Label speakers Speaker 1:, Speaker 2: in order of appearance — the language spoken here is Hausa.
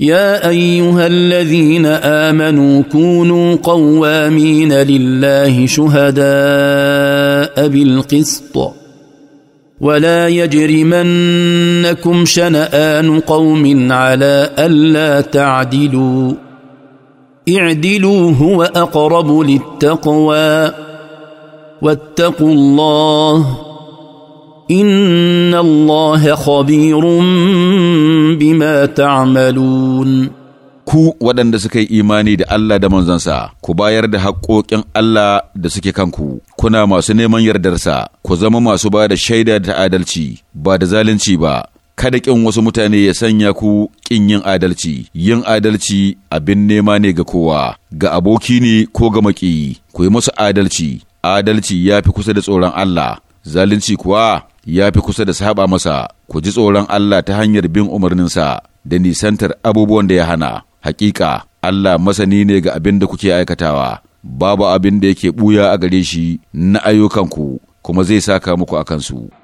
Speaker 1: يا ايها الذين امنوا كونوا قوامين لله شهداء بالقسط ولا يجرمنكم شنان قوم على الا تعدلوا اعدلوا هو اقرب للتقوى واتقوا الله إن الله خبير بما تعملون
Speaker 2: ku waɗanda suka yi imani da Allah da manzansa, ku bayar da haƙoƙin Allah da suke kanku, kuna masu neman yardarsa, ku zama masu ba da shaida da adalci, ba da zalunci ba, kada ƙin wasu mutane ya sanya ku ƙin yin adalci, yin adalci abin nema ne ga kowa, ga aboki ne ko ga maƙiyi, ku yi musu adalci, adalci ya fi kusa da tsoron Allah, zalunci kuwa ya fi kusa da saba masa ku ji tsoron Allah ta hanyar bin umarninsa da nisantar abubuwan da ya hana hakika Allah masani ne ga abin da kuke aikatawa babu abin da yake buya a gare shi na ayyukanku kuma zai saka muku a su.